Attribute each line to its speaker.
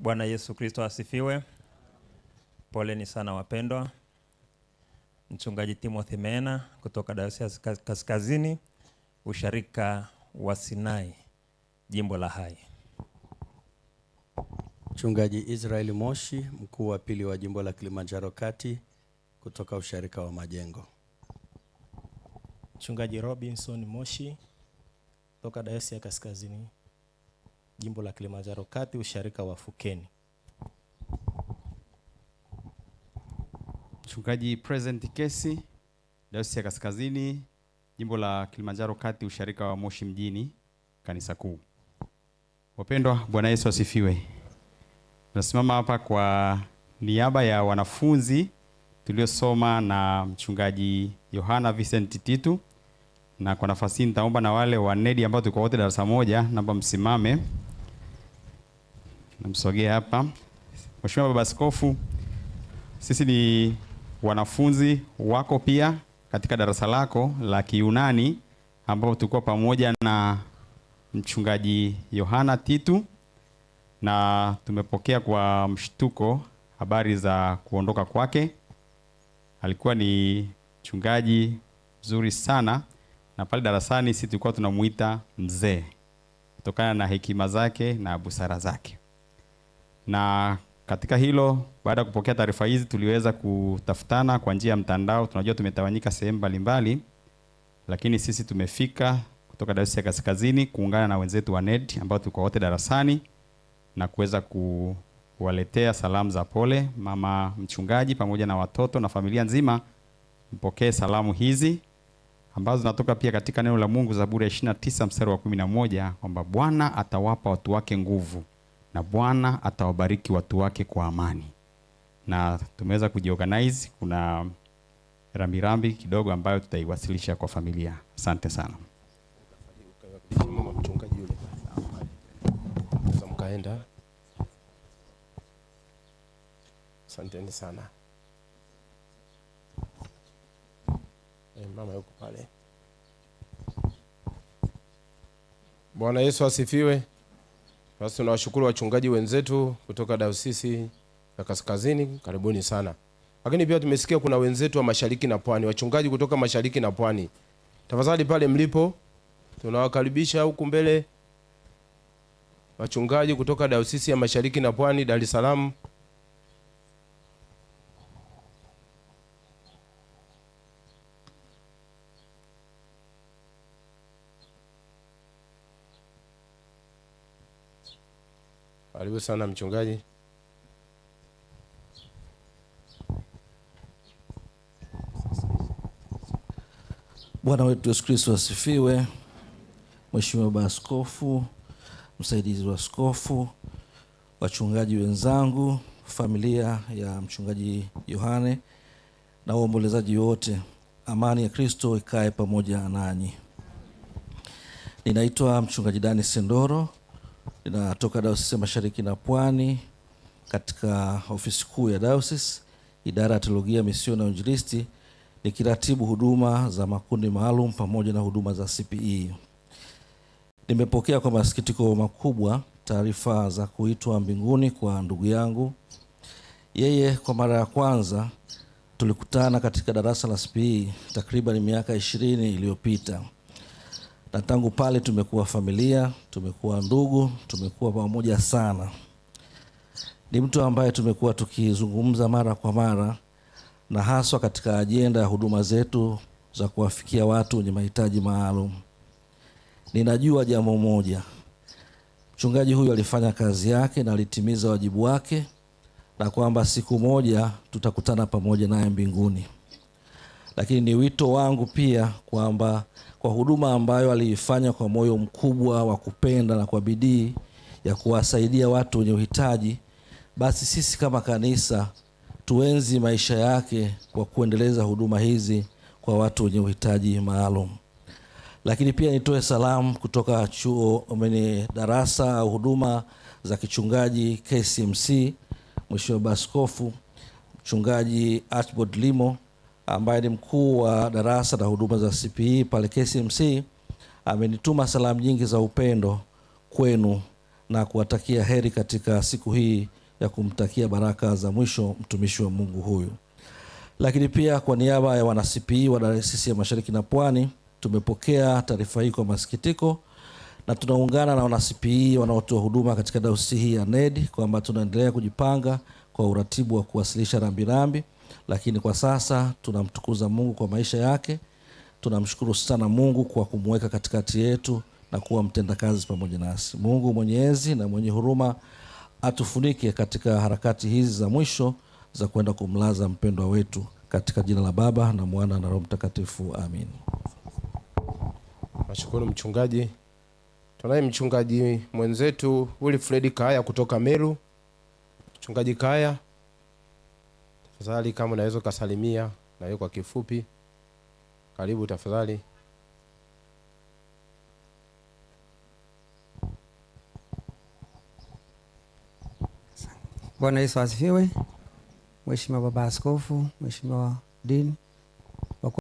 Speaker 1: Bwana Yesu Kristo asifiwe. Poleni sana wapendwa. Mchungaji Timothy Mena kutoka Dayosisi Kaskazini, usharika wa Sinai, jimbo la Hai.
Speaker 2: Mchungaji israel Moshi, mkuu wa pili wa jimbo la Kilimanjaro Kati kutoka usharika wa Majengo.
Speaker 3: Mchungaji Robinson Moshi kutoka Dayosisi ya Kaskazini jimbo la Kilimanjaro Kati, usharika wa Fukeni.
Speaker 4: Mchungaji Present Kesi, Dayosisi ya Kaskazini, jimbo la Kilimanjaro Kati, usharika wa Moshi mjini, kanisa kuu. Wapendwa, Bwana Yesu asifiwe. Tunasimama hapa kwa niaba ya wanafunzi tuliosoma na mchungaji Yohana Vincent Titu, na kwa nafasi nitaomba na wale wa NEDI ambao tulikuwa wote darasa moja, naomba msimame namsogea hapa. Mheshimiwa Baba Askofu, sisi ni wanafunzi wako pia katika darasa lako la kiunani ambapo tulikuwa pamoja na mchungaji Yohana Titu na tumepokea kwa mshtuko habari za kuondoka kwake. Alikuwa ni mchungaji mzuri sana, na pale darasani sisi tulikuwa tunamuita mzee kutokana na hekima zake na busara zake na katika hilo, baada ya kupokea taarifa hizi, tuliweza kutafutana kwa njia ya mtandao. Tunajua tumetawanyika sehemu mbalimbali, lakini sisi tumefika kutoka Dayosisi ya Kaskazini kuungana na wenzetu wa NED ambao tulikuwa wote darasani na kuweza kuwaletea salamu za pole. Mama mchungaji pamoja na watoto na familia nzima, mpokee salamu hizi ambazo zinatoka pia katika neno la Mungu, Zaburi ya 29 mstari wa 11, kwamba Bwana atawapa watu wake nguvu na Bwana atawabariki watu wake kwa amani. Na tumeweza kujiorganize, kuna rambirambi kidogo ambayo tutaiwasilisha kwa familia. Asante sana.
Speaker 5: Asanteni sana. E, mama yuko pale.
Speaker 6: Bwana Yesu asifiwe. Basi tunawashukuru wachungaji wenzetu kutoka Dayosisi ya Kaskazini, karibuni sana. Lakini pia tumesikia kuna wenzetu wa Mashariki na Pwani, wachungaji kutoka Mashariki na Pwani, tafadhali pale mlipo tunawakaribisha huku mbele, wachungaji kutoka Dayosisi ya Mashariki na Pwani, Dar es Salaam. Karibu sana mchungaji.
Speaker 7: Bwana wetu Yesu Kristo asifiwe. Mheshimiwa Baba Askofu, msaidizi wa askofu, wachungaji wenzangu, familia ya mchungaji Yohane na waombolezaji wote, amani ya Kristo ikae pamoja nanyi. Ninaitwa mchungaji Dani Sendoro inatoka Dayosisi ya Mashariki na Pwani katika ofisi kuu ya Dayosisi, idara ya teolojia, misio na uinjilisti, nikiratibu huduma za makundi maalum pamoja na huduma za CPE. Nimepokea kwa masikitiko makubwa taarifa za kuitwa mbinguni kwa ndugu yangu. Yeye kwa mara ya kwanza tulikutana katika darasa la CPE takriban miaka ishirini iliyopita na tangu pale tumekuwa familia, tumekuwa ndugu, tumekuwa pamoja sana. Ni mtu ambaye tumekuwa tukizungumza mara kwa mara, na haswa katika ajenda ya huduma zetu za kuwafikia watu wenye mahitaji maalum. Ninajua jambo moja, mchungaji huyu alifanya kazi yake na alitimiza wajibu wake, na kwamba siku moja tutakutana pamoja naye mbinguni lakini ni wito wangu pia kwamba kwa huduma ambayo aliifanya kwa moyo mkubwa wa kupenda na kwa bidii ya kuwasaidia watu wenye uhitaji, basi sisi kama kanisa tuenzi maisha yake kwa kuendeleza huduma hizi kwa watu wenye uhitaji maalum. Lakini pia nitoe salamu kutoka chuo mwenye darasa au huduma za kichungaji KCMC, Mheshimiwa Baskofu Mchungaji Archibald Limo ambaye ni mkuu wa darasa la huduma za CPE pale KCMC amenituma salamu nyingi za upendo kwenu na kuwatakia heri katika siku hii ya kumtakia baraka za mwisho mtumishi wa Mungu huyu. Lakini pia kwa niaba ya wana CPE wa Dayosisi ya Mashariki na Pwani, tumepokea taarifa hii kwa masikitiko na tunaungana na wana CPE wanaotoa huduma katika dayosisi hii ya Nedi kwamba tunaendelea kujipanga kwa uratibu wa kuwasilisha rambirambi rambi lakini kwa sasa tunamtukuza Mungu kwa maisha yake. Tunamshukuru sana Mungu kwa kumweka katikati yetu na kuwa mtendakazi pamoja nasi. Mungu mwenyezi na mwenye huruma atufunike katika harakati hizi za mwisho za kwenda kumlaza mpendwa wetu, katika jina la Baba na Mwana na Roho Mtakatifu, amin.
Speaker 8: Nashukuru mchungaji. Tunaye mchungaji mwenzetu Wilfred Kaya kutoka Meru. Mchungaji Kaya. Tafadhali kama unaweza ukasalimia na kwa kifupi, karibu tafadhali.
Speaker 9: Bwana Yesu asifiwe. Mheshimiwa Baba Askofu, Mheshimiwa dini